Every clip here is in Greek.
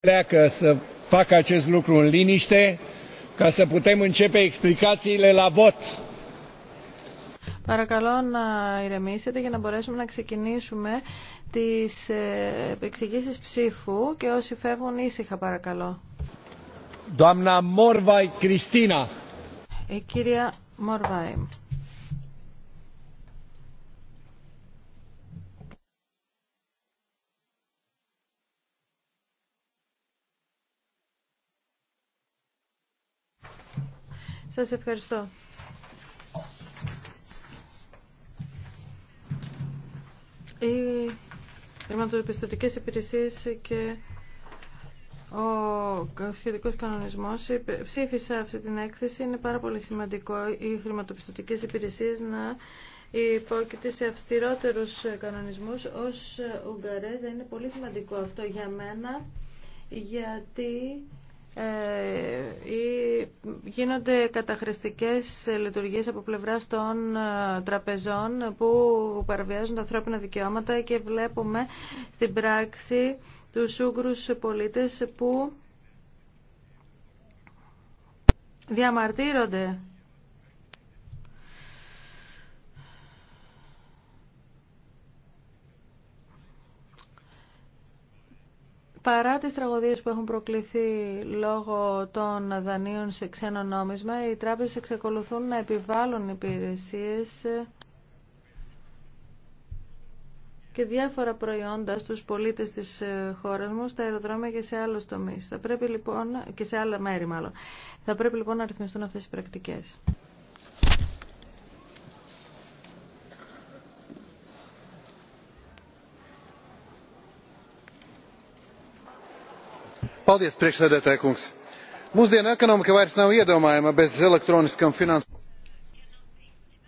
pleacă să facă acest lucru în liniște ca să putem începe explicațiile la vot. Παρακαλώ να ηρεμήσετε για να μπορέσουμε να ξεκινήσουμε τις ε, εξηγήσεις ψήφου και όσοι φεύγουν ήσυχα παρακαλώ. Doamna Morvai Cristina. Η κυρία Morvai. Σας ευχαριστώ. Οι χρηματοπιστωτικές υπηρεσίες και ο σχετικός κανονισμός ψήφισε αυτή την έκθεση. Είναι πάρα πολύ σημαντικό οι χρηματοπιστωτικές υπηρεσίες να υπόκειται σε αυστηρότερους κανονισμούς. Ως Ουγγαρέζα είναι πολύ σημαντικό αυτό για μένα γιατί ε, γίνονται καταχρηστικές λειτουργίες από πλευράς των ε, τραπεζών που παραβιάζουν τα ανθρώπινα δικαιώματα και βλέπουμε στην πράξη του σούγκρους πολίτες που διαμαρτύρονται Παρά τις τραγωδίες που έχουν προκληθεί λόγω των δανείων σε ξένο νόμισμα, οι τράπεζες εξακολουθούν να επιβάλλουν υπηρεσίες και διάφορα προϊόντα στους πολίτες της ε, χώρας μου, στα αεροδρόμια και σε άλλους τομείς. Θα πρέπει λοιπόν, και σε άλλα μέρη μάλλον. Θα πρέπει λοιπόν να ρυθμιστούν αυτές οι πρακτικές. Paldies, priekšsēdētāja kungs. Mūsdienu ekonomika vairs nav iedomājama bez elektroniskam finansēm.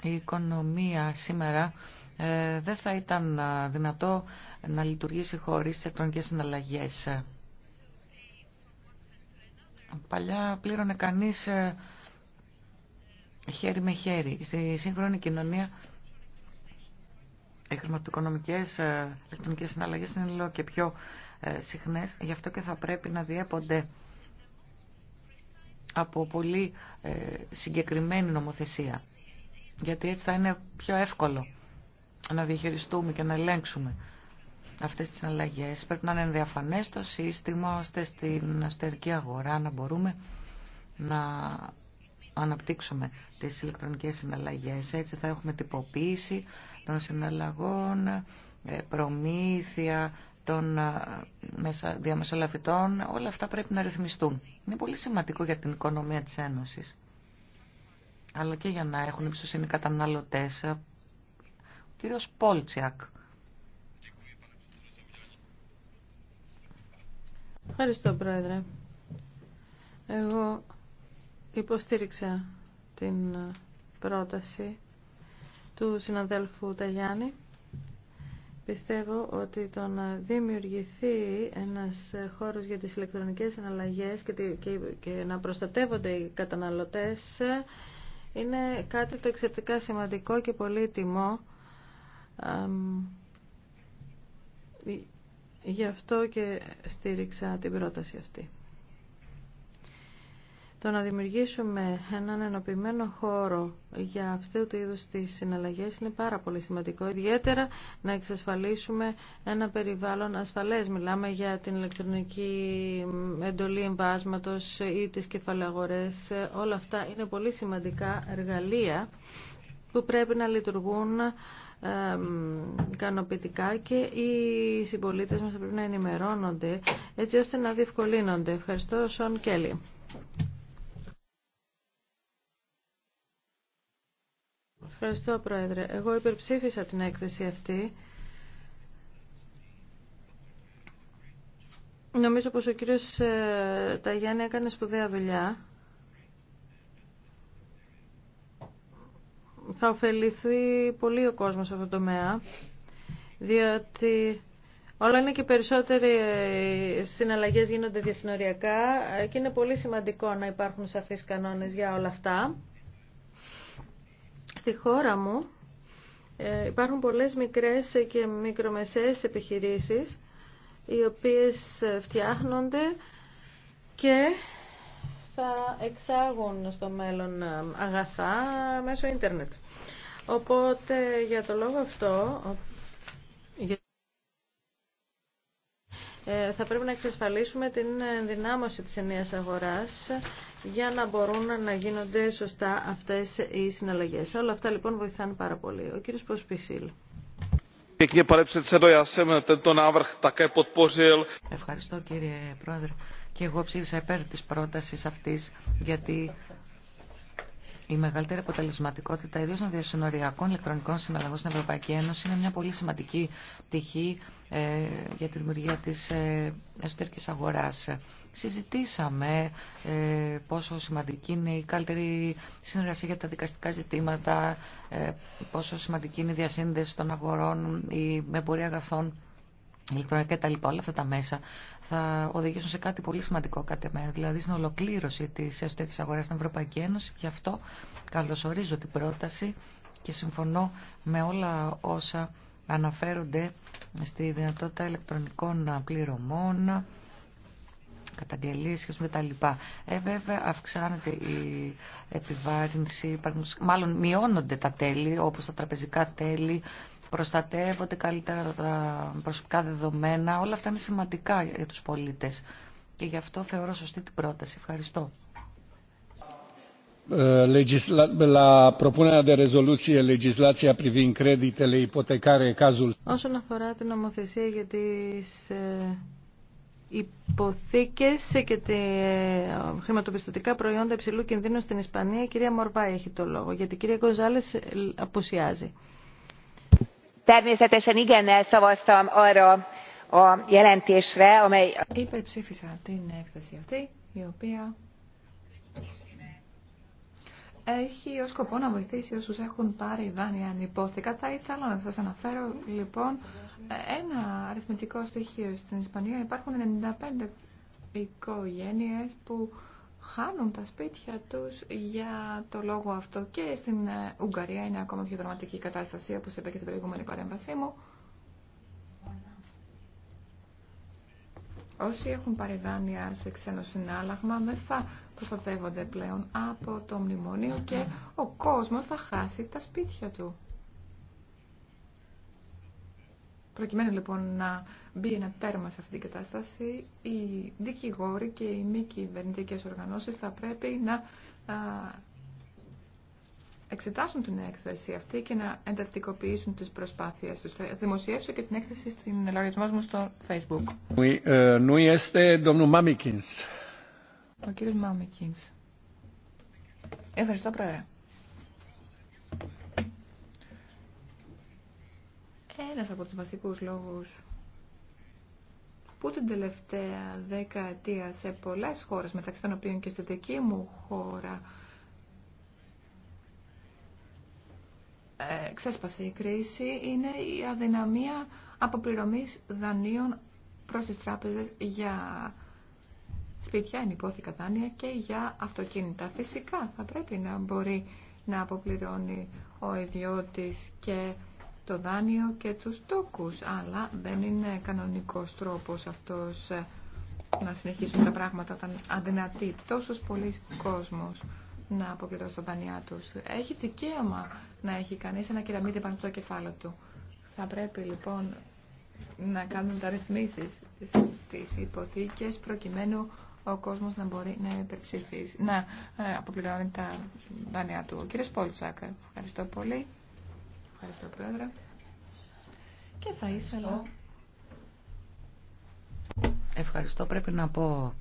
οικονομία σήμερα ε, δεν θα ήταν α, ε, δυνατό να λειτουργήσει χωρίς ηλεκτρονικές συναλλαγές. Παλιά πλήρωνε κανείς ε, χέρι με χέρι. Στη σύγχρονη κοινωνία οι χρηματοοικονομικές ε, ηλεκτρονικές συναλλαγές είναι λίγο και πιο ε, συχνές, γι' αυτό και θα πρέπει να διέπονται από πολύ ε, συγκεκριμένη νομοθεσία. Γιατί έτσι θα είναι πιο εύκολο να διαχειριστούμε και να ελέγξουμε αυτές τις αλλαγές. Πρέπει να είναι διαφανές το σύστημα ώστε στην αστερική αγορά να μπορούμε να αναπτύξουμε τις ηλεκτρονικές συναλλαγές. Έτσι θα έχουμε τυποποίηση των συναλλαγών, ε, προμήθεια, των ε, διαμεσολαβητών, όλα αυτά πρέπει να ρυθμιστούν. Είναι πολύ σημαντικό για την οικονομία της Ένωσης, αλλά και για να έχουν εμπιστοσύνη καταναλωτές. Ε, ο κύριος Πόλτσιακ. Ευχαριστώ, Πρόεδρε. Εγώ υποστήριξα την ε, πρόταση του συναδέλφου Ταγιάννη Πιστεύω ότι το να δημιουργηθεί ένας χώρος για τις ηλεκτρονικές αναλλαγές και να προστατεύονται οι καταναλωτές είναι κάτι το εξαιρετικά σημαντικό και πολύτιμο. Γι' αυτό και στήριξα την πρόταση αυτή. Το να δημιουργήσουμε έναν ενοποιημένο χώρο για αυτού του είδους τις συναλλαγές είναι πάρα πολύ σημαντικό. Ιδιαίτερα να εξασφαλίσουμε ένα περιβάλλον ασφαλές. Μιλάμε για την ηλεκτρονική εντολή εμβάσματος ή τις κεφαλαγορές. Όλα αυτά είναι πολύ σημαντικά εργαλεία που πρέπει να λειτουργούν ικανοποιητικά και οι συμπολίτε μα πρέπει να ενημερώνονται έτσι ώστε να διευκολύνονται. Ευχαριστώ, Σον Κέλλη. Ευχαριστώ, Πρόεδρε. Εγώ υπερψήφισα την έκθεση αυτή. Νομίζω πως ο κύριος ε, Ταγιάννη έκανε σπουδαία δουλειά. Θα ωφεληθεί πολύ ο κόσμος σε αυτό το τομέα, διότι όλα είναι και περισσότεροι συναλλαγές γίνονται διασυνοριακά και είναι πολύ σημαντικό να υπάρχουν σαφείς κανόνες για όλα αυτά. Στη χώρα μου ε, υπάρχουν πολλές μικρές και μικρομεσαίες επιχειρήσεις οι οποίες φτιάχνονται και θα εξάγουν στο μέλλον ε, αγαθά μέσω ίντερνετ. Οπότε για το λόγο αυτό ε, θα πρέπει να εξασφαλίσουμε την ενδυνάμωση της ενίας αγοράς για να μπορούν να γίνονται σωστά αυτές οι συναλλαγές. Όλα αυτά λοιπόν βοηθάνε πάρα πολύ. Ο κύριος Ποσπισίλ. Ευχαριστώ κύριε Πρόεδρε. Και εγώ ψήφισα υπέρ της πρότασης αυτής γιατί η μεγαλύτερη αποτελεσματικότητα ιδίω των διασυνοριακών ηλεκτρονικών συναλλαγών στην Ευρωπαϊκή Ένωση είναι μια πολύ σημαντική πτυχή ε, για τη δημιουργία της ε, εσωτερική αγοράς. Συζητήσαμε ε, πόσο σημαντική είναι η καλύτερη συνεργασία για τα δικαστικά ζητήματα, πόσο σημαντική είναι η διασύνδεση των αγορών, η εμπορία αγαθών ηλεκτρονικά κτλ. Όλα αυτά τα μέσα θα οδηγήσουν σε κάτι πολύ σημαντικό κατά μένα, δηλαδή στην ολοκλήρωση τη εσωτερική αγορά στην Ευρωπαϊκή Ένωση. Γι' αυτό καλωσορίζω την πρόταση και συμφωνώ με όλα όσα αναφέρονται στη δυνατότητα ηλεκτρονικών πληρωμών, καταγγελίες και τα λοιπά. Ε, βέβαια, αυξάνεται η επιβάρυνση, μάλλον μειώνονται τα τέλη, όπως τα τραπεζικά τέλη, προστατεύονται καλύτερα τα προσωπικά δεδομένα. Όλα αυτά είναι σημαντικά για τους πολίτες και γι' αυτό θεωρώ σωστή την πρόταση. Ευχαριστώ. Ε, Όσον αφορά την νομοθεσία για τις ε, υποθήκες και τα ε, χρηματοπιστωτικά προϊόντα υψηλού κινδύνου στην Ισπανία, η κυρία Μορβάη έχει το λόγο, γιατί η κυρία Κοζάλης απουσιάζει természetesen igennel szavaztam arra a jelentésre amely. Υπερψήφισα την έκθεση αυτή η οποία έχει ως σκοπό να βοηθήσει όσους έχουν πάρει δάνεια ανυπόθηκα. Θα ήθελα να σας αναφέρω λοιπόν ένα αριθμητικό στοιχείο. Στην Ισπανία υπάρχουν 95 οικογένειες που χάνουν τα σπίτια τους για το λόγο αυτό και στην ε, Ουγγαρία είναι ακόμα πιο δραματική η κατάσταση όπως είπα και στην προηγούμενη παρέμβασή μου Όσοι έχουν πάρει δάνεια σε ξένο συνάλλαγμα δεν θα προστατεύονται πλέον από το μνημόνιο και ο κόσμος θα χάσει τα σπίτια του. Προκειμένου λοιπόν να μπει ένα τέρμα σε αυτή την κατάσταση, οι δικηγόροι και οι μη κυβερνητικέ οργανώσεις θα πρέπει να εξετάσουν την έκθεση αυτή και να εντατικοποιήσουν τις προσπάθειες του. Θα δημοσιεύσω και την έκθεση στην λογαριασμό μου στο Facebook. Ε, Ο κύριος Μάμικινς. Ευχαριστώ, Πρόεδρε. ένας από τους βασικούς λόγους που την τελευταία δεκαετία σε πολλές χώρες, μεταξύ των οποίων και στη δική μου χώρα, ε, ξέσπασε η κρίση, είναι η αδυναμία αποπληρωμής δανείων προς τις τράπεζες για σπίτια, ενυπόθηκα δάνεια και για αυτοκίνητα. Φυσικά θα πρέπει να μπορεί να αποπληρώνει ο ιδιώτης και το δάνειο και τους τόκους, αλλά δεν είναι κανονικός τρόπος αυτός ε, να συνεχίσουν τα πράγματα όταν αδυνατεί τόσος πολύ κόσμος να αποκλειδώσει τα δάνειά τους. Έχει δικαίωμα να έχει κανείς ένα κεραμίδι πάνω στο κεφάλαιο του. Θα πρέπει λοιπόν να κάνουν τα ρυθμίσεις στις υποθήκες προκειμένου ο κόσμος να μπορεί να υπερψηφίσει, να ε, αποπληρώνει τα δάνειά του. Ο κύριος Πόλτσακ, ευχαριστώ πολύ. Ευχαριστώ, Πρόεδρε. Και θα ήθελα... Ευχαριστώ. Πρέπει να πω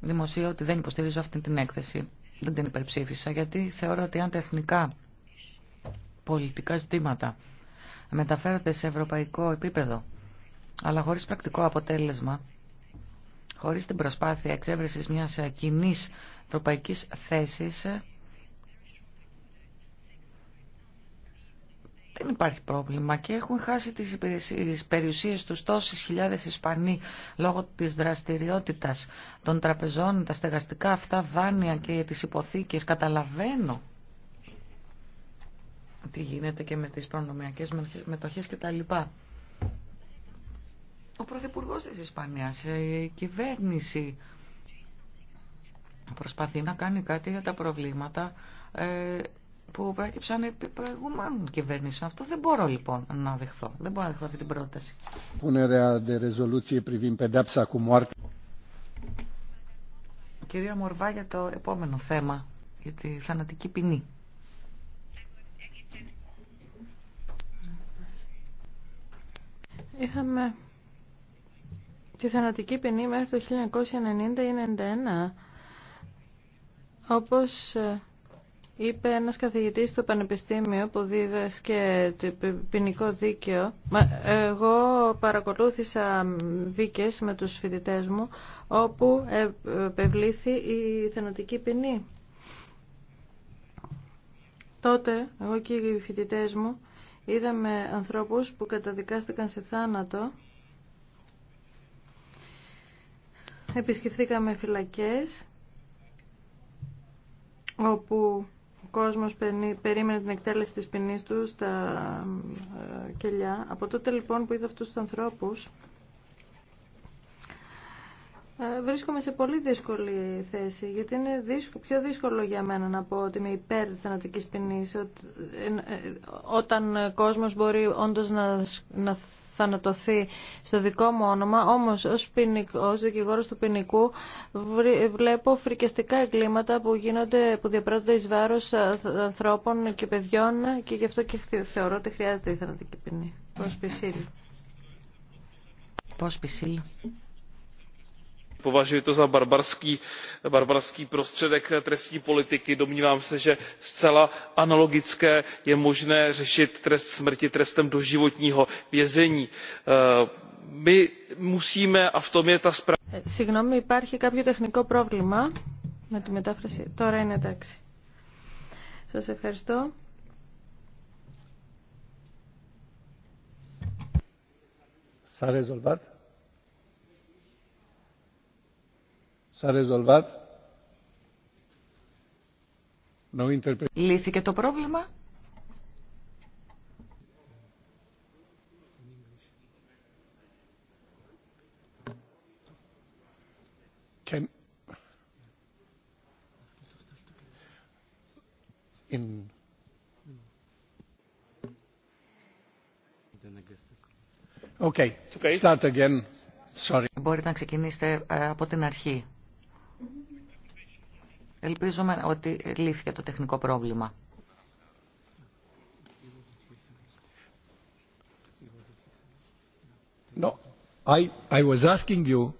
δημοσίω ότι δεν υποστηρίζω αυτή την έκθεση. Δεν την υπερψήφισα, γιατί θεωρώ ότι αν τα εθνικά πολιτικά ζητήματα μεταφέρονται σε ευρωπαϊκό επίπεδο, αλλά χωρίς πρακτικό αποτέλεσμα, χωρίς την προσπάθεια εξέβρεσης μιας κοινή ευρωπαϊκής θέσης, δεν υπάρχει πρόβλημα και έχουν χάσει τις, περιουσίες τους τόσες χιλιάδες Ισπανοί λόγω της δραστηριότητας των τραπεζών, τα στεγαστικά αυτά δάνεια και τις υποθήκες. Καταλαβαίνω τι γίνεται και με τις προνομιακές μετοχές κτλ. Ο Πρωθυπουργό της Ισπανίας, η κυβέρνηση προσπαθεί να κάνει κάτι για τα προβλήματα ε, που προέκυψαν επί προηγούμενων κυβερνήσεων. Αυτό δεν μπορώ λοιπόν να δεχθώ. Δεν μπορώ να δεχθώ αυτή την πρόταση. Κυρία Μορβά για το επόμενο θέμα, για τη θανατική ποινή. Είχαμε τη θανατική ποινή μέχρι το 1990 ή 1991, όπως ε, είπε ένας καθηγητής στο Πανεπιστήμιο που δίδασκε ποινικό δίκαιο. Εγώ παρακολούθησα δίκες με τους φοιτητές μου όπου επευλήθη η θενοτική ποινή. Τότε εγώ και οι φοιτητέ μου είδαμε ανθρώπους που καταδικάστηκαν σε θάνατο. Επισκεφθήκαμε φυλακές όπου κόσμος περίμενε την εκτέλεση της ποινή του στα ε, κελιά. Από τότε λοιπόν που είδα αυτούς τους ανθρώπους, ε, Βρίσκομαι σε πολύ δύσκολη θέση, γιατί είναι πιο δύσκολο για μένα να πω ότι είμαι υπέρ της θανατικής ποινής, ε, όταν ο κόσμος μπορεί όντως να, να θανατωθεί στο δικό μου όνομα, όμως ως, ποινικ, ως δικηγόρος του ποινικού βλέπω φρικιαστικά εγκλήματα που, γίνονται, που διαπράττονται εις βάρος ανθρώπων και παιδιών και γι' αυτό και θεωρώ ότι χρειάζεται η θανατική ποινή. Πώς πισίλ. Πώς πισίλ považuji to za barbarský prostředek trestní politiky domnívám se že zcela analogicky je možné řešit trest smrti trestem doživotního vězení. my musíme a v tom je ta zprava Λύθηκε το πρόβλημα. Okay. Start again. Sorry. Μπορείτε να ξεκινήσετε ε, από την αρχή. Ελπίζουμε ότι λύθηκε το τεχνικό πρόβλημα. No, I, I was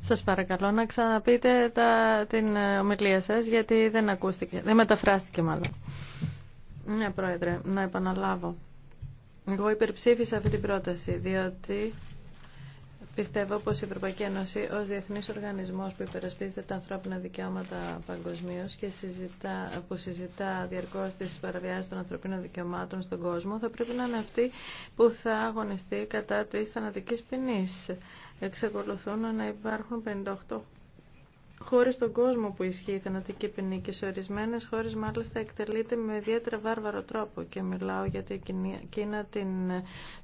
Σας παρακαλώ να ξαναπείτε τα, την ε, ομιλία σας γιατί δεν ακούστηκε, δεν μεταφράστηκε μάλλον. Ναι, Πρόεδρε, να επαναλάβω. Εγώ υπερψήφισα αυτή την πρόταση διότι Πιστεύω πως η Ευρωπαϊκή Ένωση ως διεθνής οργανισμός που υπερασπίζεται τα ανθρώπινα δικαιώματα παγκοσμίω και συζητά, που συζητά διαρκώς τις παραβιάσεις των ανθρωπίνων δικαιωμάτων στον κόσμο θα πρέπει να είναι αυτή που θα αγωνιστεί κατά της θανατικής ποινής. Εξακολουθούν να υπάρχουν 58 Χώρες στον κόσμο που ισχύει η θανατική ποινή και σε ορισμένε χώρε μάλιστα εκτελείται με ιδιαίτερα βάρβαρο τρόπο. Και μιλάω για την Κίνα, την,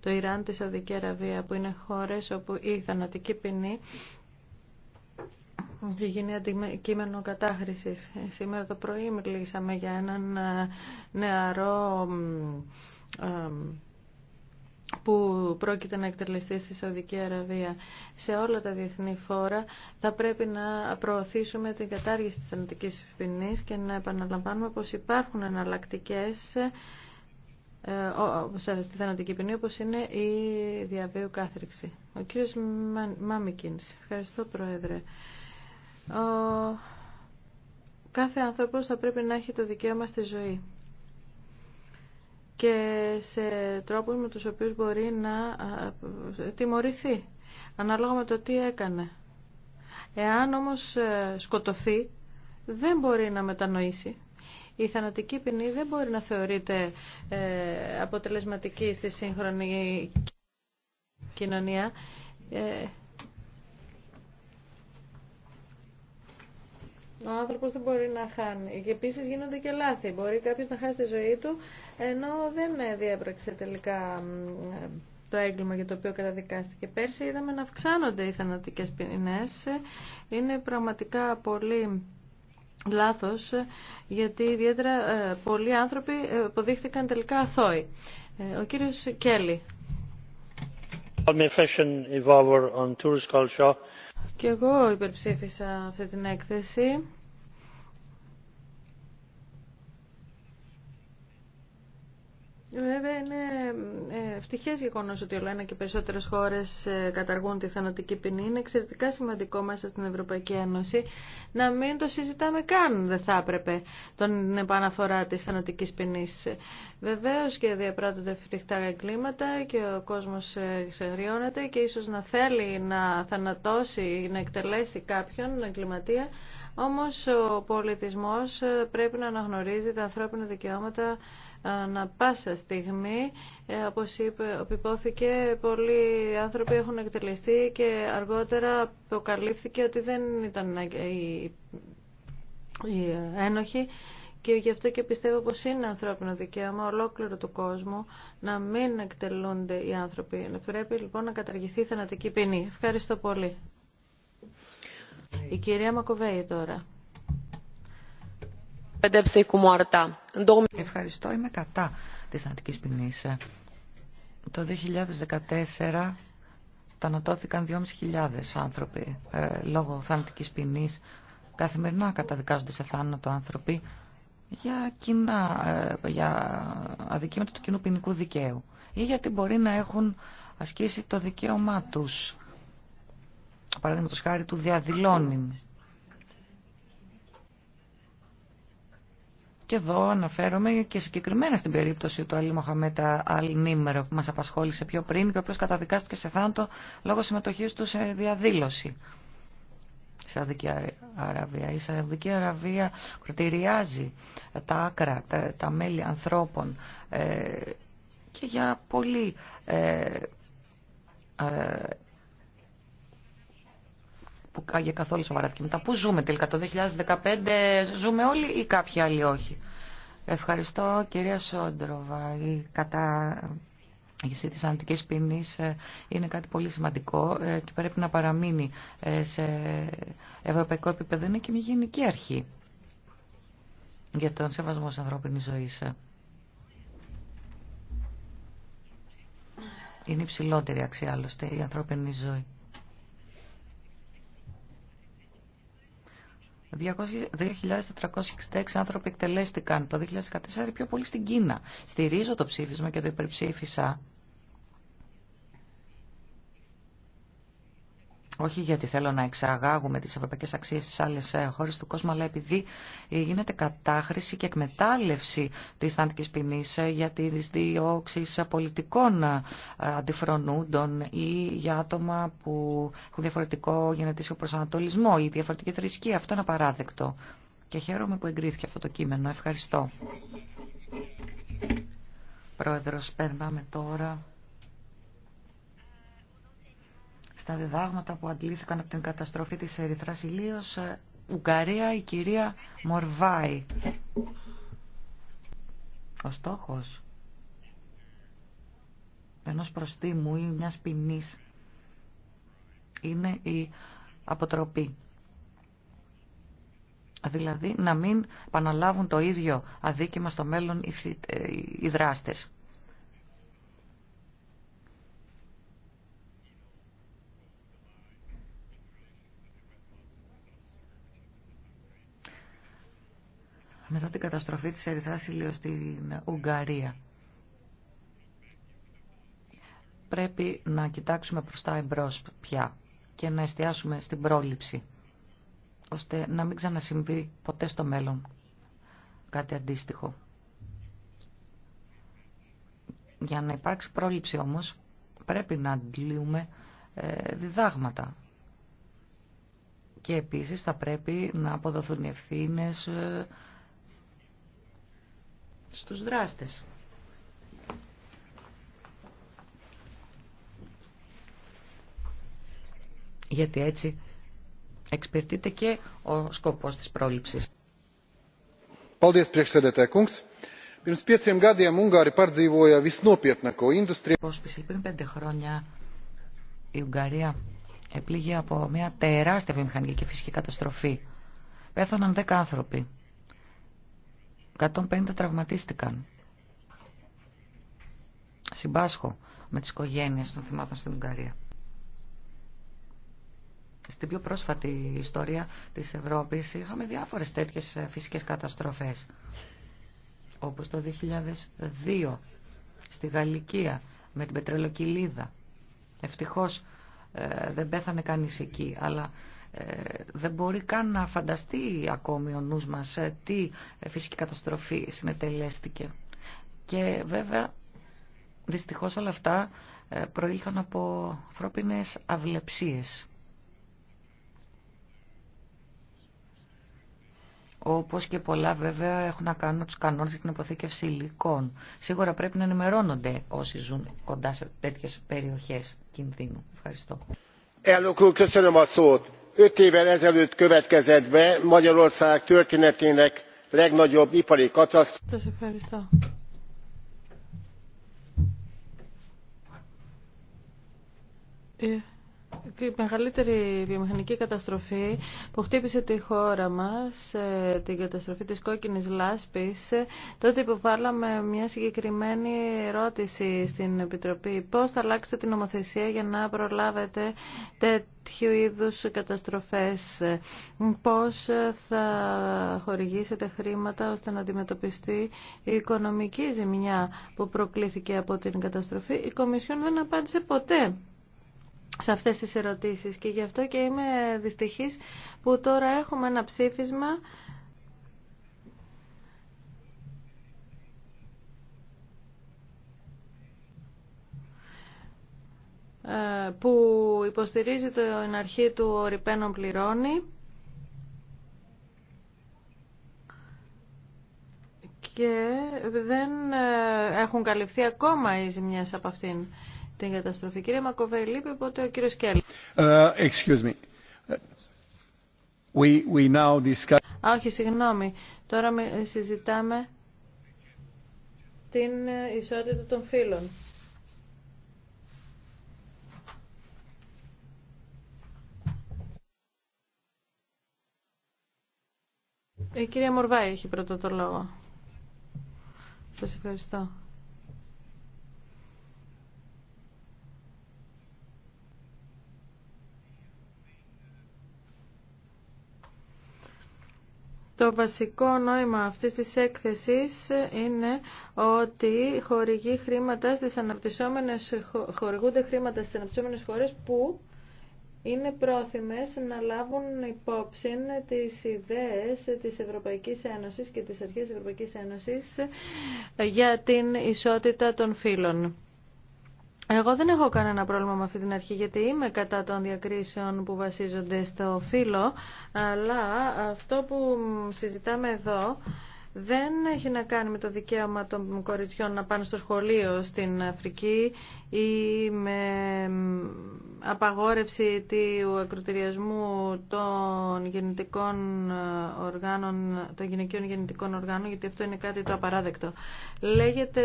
το Ιράν, τη Σαουδική Αραβία, που είναι χώρε όπου η θανατική ποινή έχει γίνει αντικείμενο κατάχρηση. Σήμερα το πρωί μιλήσαμε για έναν νεαρό που πρόκειται να εκτελεστεί στη Σαουδική Αραβία σε όλα τα διεθνή φόρα θα πρέπει να προωθήσουμε την κατάργηση της θανατικής ποινής και να επαναλαμβάνουμε πως υπάρχουν εναλλακτικέ ε, στη θανατική ποινή όπως είναι η διαβίου κάθριξη. Ο κύριος Μάμικινς. Ευχαριστώ Πρόεδρε. Κάθε άνθρωπος θα πρέπει να έχει το δικαίωμα στη ζωή και σε τρόπους με τους οποίους μπορεί να τιμωρηθεί, ανάλογα με το τι έκανε. Εάν όμως ε, σκοτωθεί, δεν μπορεί να μετανοήσει. Η θανατική ποινή δεν μπορεί να θεωρείται ε, αποτελεσματική στη σύγχρονη κοινωνία. Ε, Ο άνθρωπο δεν μπορεί να χάνει. Και επίσης γίνονται και λάθη. Μπορεί κάποιος να χάσει τη ζωή του, ενώ δεν διέπραξε τελικά το έγκλημα για το οποίο καταδικάστηκε πέρσι. Είδαμε να αυξάνονται οι θανατικέ ποινέ, Είναι πραγματικά πολύ λάθο γιατί ιδιαίτερα ε, πολλοί άνθρωποι αποδείχθηκαν τελικά αθώοι. Ε, ο κύριο Κέλλη. Και εγώ υπερψήφισα αυτή την έκθεση. Βέβαια είναι ε, ευτυχές γεγονός ότι όλο ένα και περισσότερες χώρες ε, καταργούν τη θανατική ποινή. Είναι εξαιρετικά σημαντικό μέσα στην Ευρωπαϊκή Ένωση να μην το συζητάμε καν δεν θα έπρεπε τον επαναφορά της θανατικής ποινή. Βεβαίως και διαπράττονται φρικτά εγκλήματα και ο κόσμος εξαγριώνεται και ίσως να θέλει να θανατώσει ή να εκτελέσει κάποιον εγκληματία όμως ο πολιτισμός ε, πρέπει να αναγνωρίζει τα ανθρώπινα δικαιώματα ανα πάσα στιγμή. Ε, όπως είπε, επιπόθηκε, πολλοί άνθρωποι έχουν εκτελεστεί και αργότερα αποκαλύφθηκε ότι δεν ήταν οι, οι ένοχοι και γι' αυτό και πιστεύω πως είναι ανθρώπινο δικαίωμα ολόκληρο του κόσμου να μην εκτελούνται οι άνθρωποι. Πρέπει λοιπόν να καταργηθεί η θανατική ποινή. Ευχαριστώ πολύ. Η κυρία Μακοβέη τώρα. Ευχαριστώ. Είμαι κατά τη θανατική ποινή. Το 2014 θανατώθηκαν 2.500 άνθρωποι ε, λόγω θανατική ποινή. Καθημερινά καταδικάζονται σε θάνατο άνθρωποι για, κοινά, ε, για αδικήματα του κοινού ποινικού δικαίου ή γιατί μπορεί να έχουν ασκήσει το δικαίωμά τους. Παραδείγματος χάρη του διαδηλώνει Και εδώ αναφέρομαι και συγκεκριμένα στην περίπτωση του Αλή Μοχαμέτα Αλ Νίμερο που μας απασχόλησε πιο πριν και ο οποίος καταδικάστηκε σε θάνατο λόγω συμμετοχής του σε διαδήλωση. Σαουδική Αραβία. Η Σαουδική Αραβία κροτηριάζει τα άκρα, τα, τα μέλη ανθρώπων ε, και για πολύ ε, ε που κάγε καθόλου σοβαρά Τα Πού ζούμε τελικά, το 2015 ζούμε όλοι ή κάποιοι άλλοι όχι. Ευχαριστώ κυρία Σόντροβα. Η κατάργηση της αντικής ποινής ε, είναι κάτι πολύ σημαντικό ε, και πρέπει να παραμείνει ε, σε ευρωπαϊκό επίπεδο. Είναι και μια γενική αρχή για τον σεβασμό της ανθρώπινης ζωής. Είναι υψηλότερη αξία άλλωστε η ανθρώπινη ζωή. 2.466 άνθρωποι εκτελέστηκαν το 2014 πιο πολύ στην Κίνα. Στηρίζω το ψήφισμα και το υπερψήφισα όχι γιατί θέλω να εξαγάγουμε τις ευρωπαϊκές αξίες στις άλλες ε, χώρες του κόσμου, αλλά επειδή γίνεται κατάχρηση και εκμετάλλευση της θαντικής ποινή ε, για τις διώξεις πολιτικών ε, αντιφρονούντων ή για άτομα που έχουν διαφορετικό γενετήσιο προσανατολισμό ή διαφορετική θρησκεία. Αυτό είναι απαράδεκτο. Και χαίρομαι που εγκρίθηκε αυτό το κείμενο. Ευχαριστώ. Πρόεδρος, περνάμε τώρα στα διδάγματα που αντλήθηκαν από την καταστροφή της Ερυθράς ε, Ουγγαρία, η κυρία Μορβάη. Ο στόχος ενός προστίμου ή μιας ποινής είναι η μιας ποινη ειναι Δηλαδή να μην επαναλάβουν το ίδιο αδίκημα στο μέλλον οι ε, δράστες. μετά την καταστροφή της Ερυθράς στην Ουγγαρία. Πρέπει να κοιτάξουμε προς τα εμπρός πια και να εστιάσουμε στην πρόληψη, ώστε να μην ξανασυμβεί ποτέ στο μέλλον κάτι αντίστοιχο. Για να υπάρξει πρόληψη όμως, πρέπει να αντιλούμε ε, διδάγματα και επίσης θα πρέπει να αποδοθούν οι ευθύνες ε, στους δράστες. Γιατί έτσι εξυπηρετείται και ο σκοπός της πρόληψης. Πρόσπιση πριν λοιπόν, πέντε χρόνια η Ουγγαρία επλήγει από μια τεράστια βιομηχανική και φυσική καταστροφή. Πέθαναν δέκα άνθρωποι. 150 τραυματίστηκαν. Συμπάσχω με τις οικογένειες των θυμάτων στην Ουγγαρία. Στην πιο πρόσφατη ιστορία της Ευρώπης είχαμε διάφορες τέτοιες ε, φυσικές καταστροφές. Όπως το 2002 στη Γαλλικία με την πετρελοκυλίδα. Ευτυχώς ε, δεν πέθανε κανείς εκεί, αλλά ε, δεν μπορεί καν να φανταστεί ακόμη ο νους μας ε, τι ε, φυσική καταστροφή συνετελέστηκε. Και βέβαια, δυστυχώς όλα αυτά προήλθαν από ανθρώπινες αυλεψίες. όπως και πολλά βέβαια έχουν να κάνουν τους κανόνες για την αποθήκευση υλικών. Σίγουρα πρέπει να ενημερώνονται όσοι ζουν κοντά σε τέτοιες περιοχές κινδύνου. Ευχαριστώ öt évvel ezelőtt következett be magyarország történetének legnagyobb ipari katasztrófája η μεγαλύτερη βιομηχανική καταστροφή που χτύπησε τη χώρα μας, ε, την καταστροφή της κόκκινης λάσπης, ε, τότε υποβάλαμε μια συγκεκριμένη ερώτηση στην Επιτροπή. Πώς θα αλλάξετε την νομοθεσία για να προλάβετε τέτοιου είδους καταστροφές. Πώς θα χορηγήσετε χρήματα ώστε να αντιμετωπιστεί η οικονομική ζημιά που προκλήθηκε από την καταστροφή. Η Κομισιόν δεν απάντησε ποτέ σε αυτές τις ερωτήσεις και γι' αυτό και είμαι δυστυχής που τώρα έχουμε ένα ψήφισμα ε, που υποστηρίζει την αρχή του «Ο Ριπένον πληρώνει» και δεν ε, έχουν καλυφθεί ακόμα οι ζημιές από αυτήν την καταστροφή. Κύριε Μακοβέλη, λείπει, οπότε ο κύριος Κέλλη. Ε, excuse me. We, we now discuss... Α, όχι, συγγνώμη. Τώρα ε, συζητάμε την ε, ισότητα των φύλων. Η κυρία Μορβάη έχει πρώτο το λόγο. Σας ευχαριστώ. Το βασικό νόημα αυτής της έκθεσης είναι ότι χορηγεί χρήματα στις αναπτυσσόμενες, χορηγούνται χρήματα στις αναπτυσσόμενες χώρες που είναι πρόθυμες να λάβουν υπόψη τις ιδέες της Ευρωπαϊκής Ένωσης και της Αρχής της Ευρωπαϊκής Ένωσης για την ισότητα των φύλων. Εγώ δεν έχω κανένα πρόβλημα με αυτή την αρχή γιατί είμαι κατά των διακρίσεων που βασίζονται στο φύλλο αλλά αυτό που συζητάμε εδώ δεν έχει να κάνει με το δικαίωμα των κοριτσιών να πάνε στο σχολείο στην Αφρική ή με απαγόρευση του ακροτηριασμού των, γεννητικών οργάνων, των γυναικείων γεννητικών οργάνων, γιατί αυτό είναι κάτι το απαράδεκτο. Λέγεται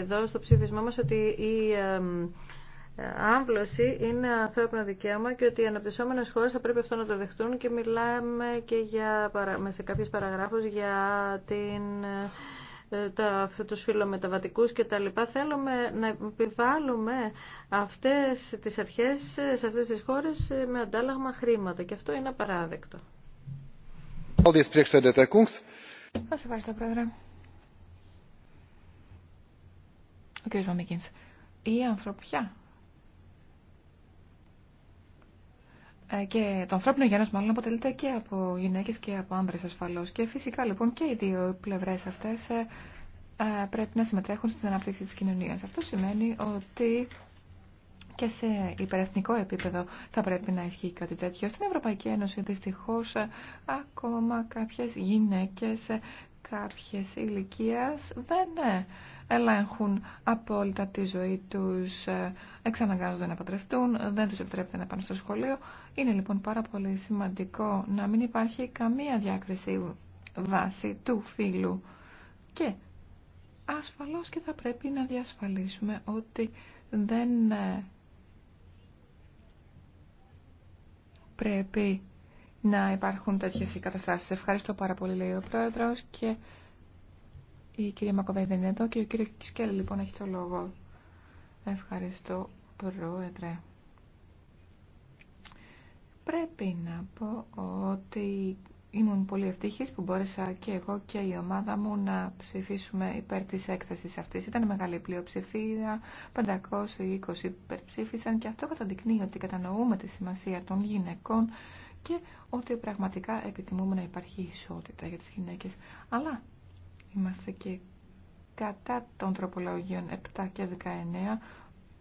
εδώ στο ψήφισμά μας ότι η ε, άμβλωση είναι ανθρώπινο δικαίωμα και ότι οι αναπτυσσόμενες χώρες θα πρέπει αυτό να το δεχτούν και μιλάμε και για, σε κάποιες παραγράφους για την ε, τα, τους φιλομεταβατικούς και τα λοιπά. Θέλουμε να επιβάλλουμε αυτές τις αρχές σε αυτές τις χώρες με αντάλλαγμα χρήματα και αυτό είναι απαράδεκτο. Σας ευχαριστώ, Βαμικίνς, η ανθρωπιά Ε, και το ανθρώπινο γένος μάλλον αποτελείται και από γυναίκες και από άνδρες ασφαλώς. Και φυσικά λοιπόν και οι δύο πλευρές αυτές ε, ε, πρέπει να συμμετέχουν στην ανάπτυξη της κοινωνίας. Αυτό σημαίνει ότι και σε υπερεθνικό επίπεδο θα πρέπει να ισχύει κάτι τέτοιο. Στην Ευρωπαϊκή Ένωση δυστυχώς ακόμα κάποιες γυναίκες κάποιες ηλικία δεν ναι, ελέγχουν απόλυτα τη ζωή τους, ε, εξαναγκάζονται να παντρευτούν, δεν τους επιτρέπεται να πάνε στο σχολείο. Είναι λοιπόν πάρα πολύ σημαντικό να μην υπάρχει καμία διάκριση βάση του φύλου και ασφαλώς και θα πρέπει να διασφαλίσουμε ότι δεν ε, πρέπει να υπάρχουν τέτοιε καταστάσει. Ευχαριστώ πάρα πολύ, λέει ο πρόεδρο και η κυρία Μακοβέη δεν είναι εδώ και ο κύριο Κισκέλη λοιπόν έχει το λόγο. Ευχαριστώ, Πρόεδρε. Πρέπει να πω ότι ήμουν πολύ ευτυχής που μπόρεσα και εγώ και η ομάδα μου να ψηφίσουμε υπέρ της έκθεσης αυτής. Ήταν μεγάλη πλειοψηφία, 520 υπερψήφισαν και αυτό καταδεικνύει ότι κατανοούμε τη σημασία των γυναικών και ότι πραγματικά επιθυμούμε να υπάρχει ισότητα για τις γυναίκες. Αλλά είμαστε και κατά των τροπολογίων 7 και 19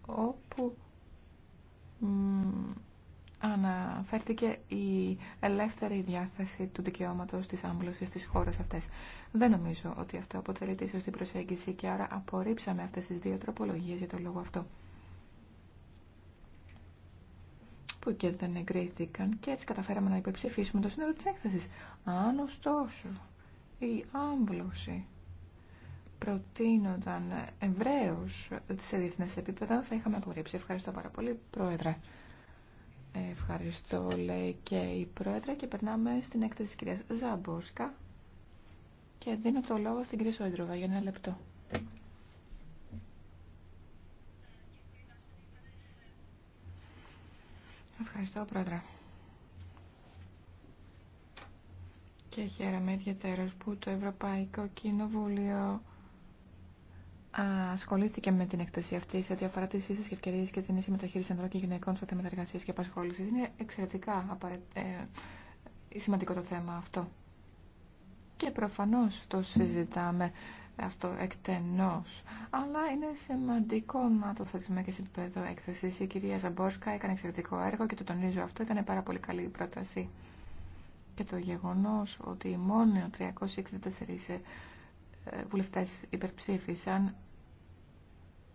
όπου αναφέρθηκε η ελεύθερη διάθεση του δικαιώματος της άμβλωσης στις χώρες αυτές. Δεν νομίζω ότι αυτό αποτελεί τη σωστή προσέγγιση και άρα απορρίψαμε αυτές τις δύο τροπολογίες για το λόγο αυτό. που και δεν εγκρίθηκαν και έτσι καταφέραμε να υπερψηφίσουμε το σύνολο της έκθεσης. Αν ωστόσο η άμβλωση προτείνονταν ευρέως σε διεθνές επίπεδα, θα είχαμε απορρίψει. Ευχαριστώ πάρα πολύ, Πρόεδρε. Ευχαριστώ, λέει και η Πρόεδρε και περνάμε στην έκθεση της κυρίας Ζαμπόρσκα και δίνω το λόγο στην κυρία Σόντροβα για ένα λεπτό. Ευχαριστώ, Πρόεδρε. Και χαίρομαι ιδιαίτερα που το Ευρωπαϊκό Κοινοβούλιο ασχολήθηκε με την εκθεσία αυτή σε ό,τι αφορά τι ίσε ευκαιρίε και την ίση μεταχείριση ανδρών και γυναικών στο θέμα εργασία και απασχόληση. Είναι εξαιρετικά ε, σημαντικό το θέμα αυτό και προφανώς το συζητάμε αυτό εκτενώς. Αλλά είναι σημαντικό να το θέτουμε και σε επίπεδο έκθεση. Η κυρία Ζαμπόρσκα έκανε εξαιρετικό έργο και το τονίζω αυτό. Ήταν πάρα πολύ καλή πρόταση. Και το γεγονός ότι μόνο 364 ε, βουλευτές υπερψήφισαν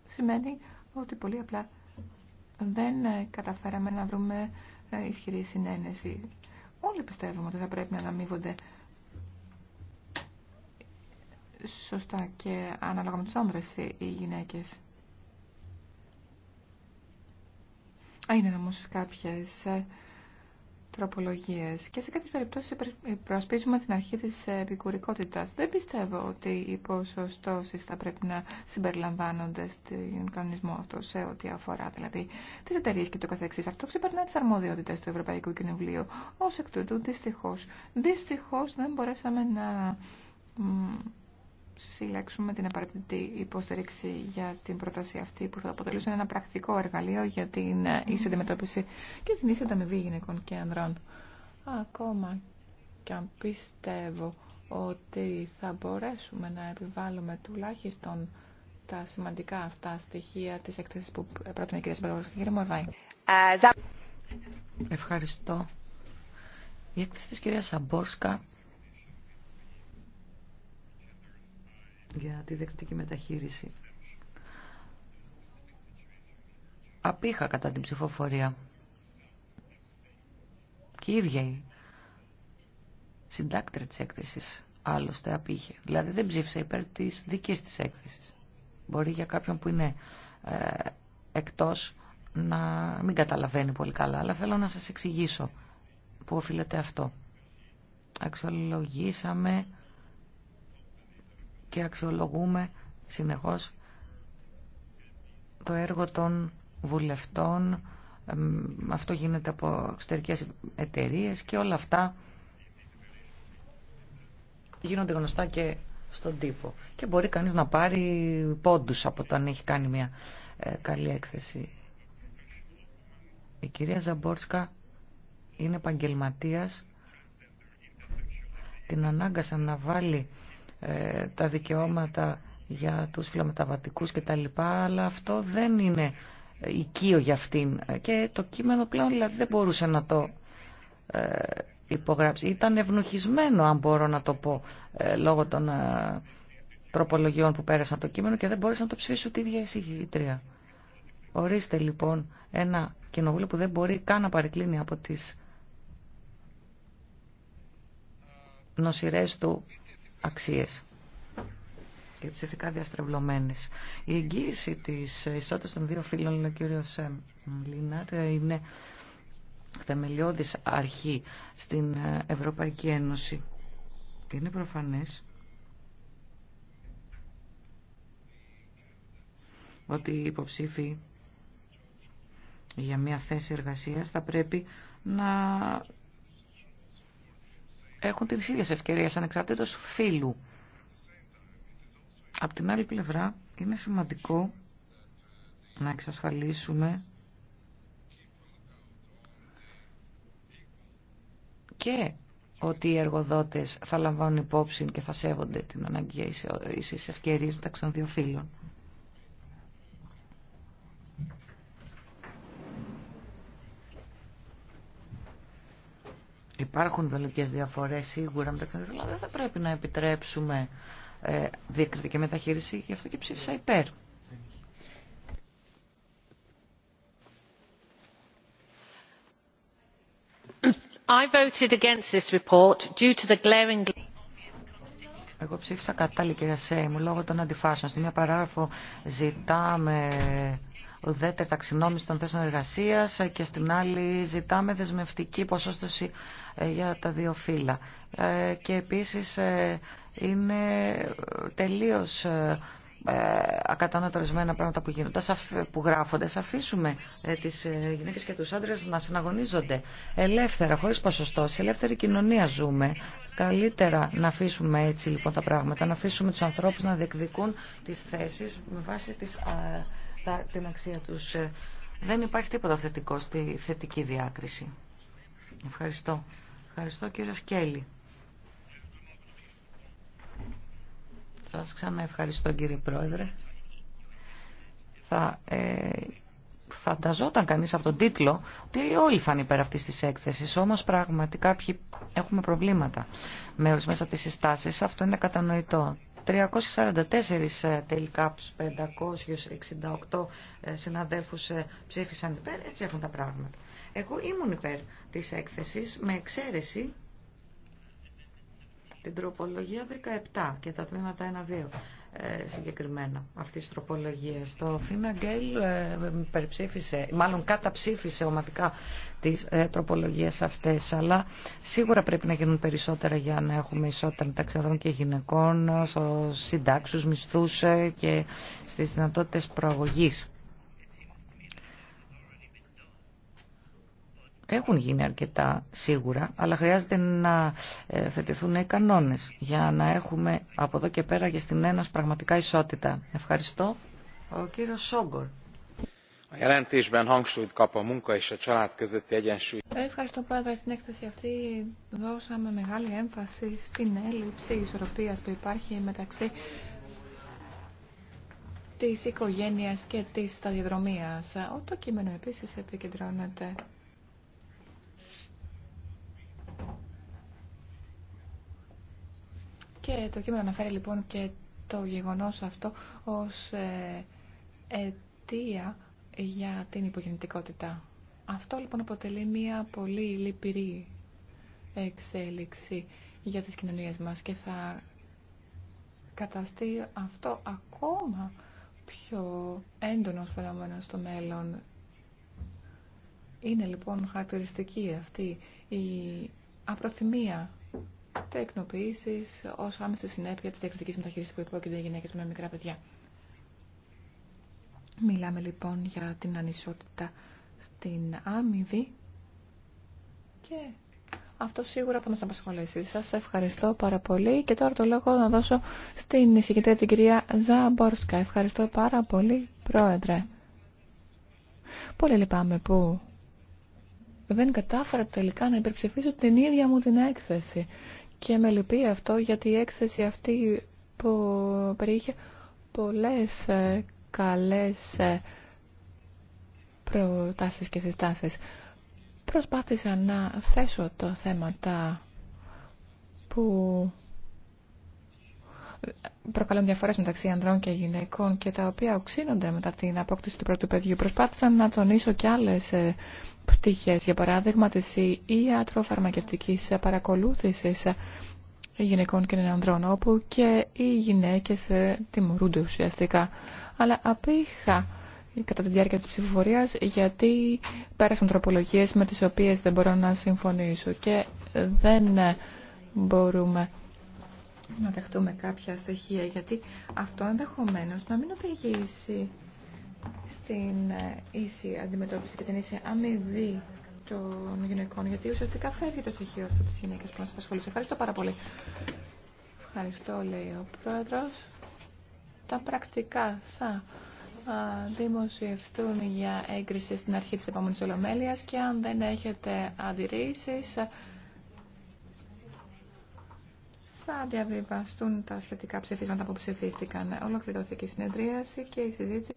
σημαίνει ότι πολύ απλά δεν ε, καταφέραμε να βρούμε ε, ισχυρή συνένεση. Όλοι πιστεύουμε ότι θα πρέπει να αναμείβονται σωστά και ανάλογα με τους άνδρες οι γυναίκες. Είναι όμως κάποιες ε, τροπολογίες και σε κάποιες περιπτώσεις προασπίζουμε την αρχή της επικουρικότητας. Δεν πιστεύω ότι οι ποσοστώσεις θα πρέπει να συμπεριλαμβάνονται στον κανονισμό αυτό σε ό,τι αφορά δηλαδή τις εταιρείε και το καθεξής. Αυτό ξεπερνά τις αρμοδιότητες του Ευρωπαϊκού Κοινοβουλίου. Ως εκ τούτου δυστυχώς, δυστυχώς δεν μπορέσαμε να συλλέξουμε την απαραίτητη υποστήριξη για την πρόταση αυτή που θα αποτελούσε ένα πρακτικό εργαλείο για την ίση αντιμετώπιση και την ίση ανταμοιβή γυναικών και ανδρών. Ακόμα και αν πιστεύω ότι θα μπορέσουμε να επιβάλλουμε τουλάχιστον τα σημαντικά αυτά στοιχεία της έκθεσης που πρότεινε η κυρία Συμπαγόρος. Κύριε Μορβάη. Ε, Ευχαριστώ. Η έκθεση της κυρίας Σαμπόρσκα για τη δεκτική μεταχείριση. Απήχα κατά την ψηφοφορία. Και η ίδια η συντάκτρια της έκθεσης άλλωστε απήχε. Δηλαδή δεν ψήφισε υπέρ της δικής της έκθεσης. Μπορεί για κάποιον που είναι ε, εκτός να μην καταλαβαίνει πολύ καλά, αλλά θέλω να σας εξηγήσω που οφείλεται αυτό. Αξιολογήσαμε και αξιολογούμε συνεχώς το έργο των βουλευτών. Αυτό γίνεται από εξωτερικέ εταιρείε και όλα αυτά γίνονται γνωστά και στον τύπο. Και μπορεί κανείς να πάρει πόντους από το αν έχει κάνει μια ε, καλή έκθεση. Η κυρία Ζαμπόρσκα είναι παγκελματίας Την ανάγκασαν να βάλει ε, τα δικαιώματα για τους φιλομεταβατικούς λοιπά Αλλά αυτό δεν είναι οικείο για αυτήν. Και το κείμενο πλέον δηλαδή δεν μπορούσε να το ε, υπογράψει. Ήταν ευνοχισμένο αν μπορώ να το πω ε, λόγω των τροπολογιών που πέρασαν το κείμενο και δεν μπορούσε να το ψηφίσει ούτε η ίδια η Ορίστε λοιπόν ένα κοινοβούλιο που δεν μπορεί καν να παρεκκλίνει από τις νοσηρές του αξίες και τις ηθικά διαστρεβλωμένες. Η εγγύηση της ισότητας των δύο φίλων, ο κύριος ε, Λινάρ, ε, είναι θεμελιώδης αρχή στην ε, Ευρωπαϊκή Ένωση. Είναι προφανές ότι οι υποψήφοι για μια θέση εργασίας θα πρέπει να έχουν τις ίδιες ευκαιρίες ανεξαρτήτως φύλου. Απ' την άλλη πλευρά είναι σημαντικό να εξασφαλίσουμε και ότι οι εργοδότες θα λαμβάνουν υπόψη και θα σέβονται την αναγκαία ιση ευκαιρίες μεταξύ των δύο φίλων. Υπάρχουν βελικέ διαφορές σίγουρα μεταξύ των αλλά δεν θα πρέπει να επιτρέψουμε ε, διακριτική μεταχείριση, γι' αυτό και ψήφισα υπέρ. I voted against this report due to the glaring... Εγώ ψήφισα κατάλληλη, κυρία Σέιμου, λόγω των αντιφάσεων. Στην μία παράγραφο ζητάμε ουδέτερη ταξινόμηση των θέσεων εργασία και στην άλλη ζητάμε δεσμευτική ποσόστοση ε, για τα δύο φύλλα. Ε, και επίση ε, είναι τελείω ακατανόητα ορισμένα πράγματα που γίνονται, που γράφονται. Α αφήσουμε τι γυναίκε και του άντρε να συναγωνίζονται ελεύθερα, χωρί ποσοστό. Σε ελεύθερη κοινωνία ζούμε. Καλύτερα να αφήσουμε έτσι λοιπόν τα πράγματα, να αφήσουμε του ανθρώπου να διεκδικούν τι θέσει με βάση τι τα την αξία τους. Ε, δεν υπάρχει τίποτα θετικό στη θετική διάκριση. Ευχαριστώ. Ευχαριστώ κύριο Σκέλη. Σας ξαναευχαριστώ κύριε Πρόεδρε. Θα ε, φανταζόταν κανείς από τον τίτλο ότι όλοι φανεί πέρα αυτής της έκθεσης, όμως πραγματικά κάποιοι έχουμε προβλήματα με μέσα από τις συστάσεις. Αυτό είναι κατανοητό. 344 ε, τελικά από τους 568 ε, συναδέλφους ε, ψήφισαν υπέρ. Έτσι έχουν τα πράγματα. Εγώ ήμουν υπέρ της έκθεσης με εξαίρεση την τροπολογία 17 και τα τμήματα 1-2 ε, συγκεκριμένα αυτή τη τροπολογία. Το Φιναγκέλ ε, μάλλον καταψήφισε ομαδικά τις τροπολογίε τροπολογίες αυτές, αλλά σίγουρα πρέπει να γίνουν περισσότερα για να έχουμε ισότητα μεταξύ ανδρών και γυναικών, στου συντάξους, μισθούς ε, και στις δυνατότητε προαγωγή. Έχουν γίνει αρκετά σίγουρα, αλλά χρειάζεται να ε, θετηθούν οι κανόνες για να έχουμε από εδώ και πέρα και στην ένας πραγματικά ισότητα. Ευχαριστώ. Ο κύριος Σόγκορ. Ευχαριστώ πρόεδρε στην έκθεση αυτή. Δώσαμε μεγάλη έμφαση στην έλλειψη ισορροπίας που υπάρχει μεταξύ της οικογένειας και της σταδιοδρομίας. Ο το κείμενο επίσης επικεντρώνεται Και το κείμενο αναφέρει λοιπόν και το γεγονός αυτό ως ε, αιτία για την υπογεννητικότητα. Αυτό λοιπόν αποτελεί μια πολύ λυπηρή εξέλιξη για τις κοινωνίες μας και θα καταστεί αυτό ακόμα πιο έντονο φαινόμενο στο μέλλον. Είναι λοιπόν χαρακτηριστική αυτή η απροθυμία τεκνοποίηση ω άμεση συνέπεια τη διακριτική μεταχείριση που υπόκειται οι γυναίκε με μικρά παιδιά. Μιλάμε λοιπόν για την ανισότητα στην άμυβη και αυτό σίγουρα θα μας απασχολήσει. Σας ευχαριστώ πάρα πολύ και τώρα το λόγο να δώσω στην εισηγητή την κυρία Ζαμπόρσκα. Ευχαριστώ πάρα πολύ, Πρόεδρε. Πολύ λυπάμαι που δεν κατάφερα τελικά να υπερψηφίσω την ίδια μου την έκθεση και με λυπεί αυτό γιατί η έκθεση αυτή που περιείχε πολλές ε, καλές ε, προτάσεις και συστάσεις. Προσπάθησα να θέσω τα θέματα που προκαλούν διαφορέ μεταξύ ανδρών και γυναικών και τα οποία οξύνονται μετά την απόκτηση του πρώτου παιδιού. Προσπάθησα να τονίσω και άλλε πτυχέ, για παράδειγμα τη ιατροφαρμακευτική παρακολούθηση γυναικών και ανδρών, όπου και οι γυναίκε ε, τιμωρούνται ουσιαστικά. Αλλά απήχα κατά τη διάρκεια της ψηφοφορίας γιατί πέρασαν τροπολογίες με τις οποίες δεν μπορώ να συμφωνήσω και ε, δεν μπορούμε να δεχτούμε κάποια στοιχεία, γιατί αυτό ενδεχομένω να μην οδηγήσει στην ε, ίση αντιμετώπιση και την ίση αμοιβή των γυναικών, γιατί ουσιαστικά φεύγει το στοιχείο αυτό τη γυναίκα που μα απασχολεί. Ευχαριστώ πάρα πολύ. Ευχαριστώ, λέει ο Πρόεδρος. Τα πρακτικά θα δημοσιευτούν για έγκριση στην αρχή της επόμενης ολομέλειας και αν δεν έχετε αντιρρήσεις θα διαβιβαστούν τα σχετικά ψηφίσματα που ψηφίστηκαν. Ολοκληρώθηκε η συνεδρίαση και η συζήτηση.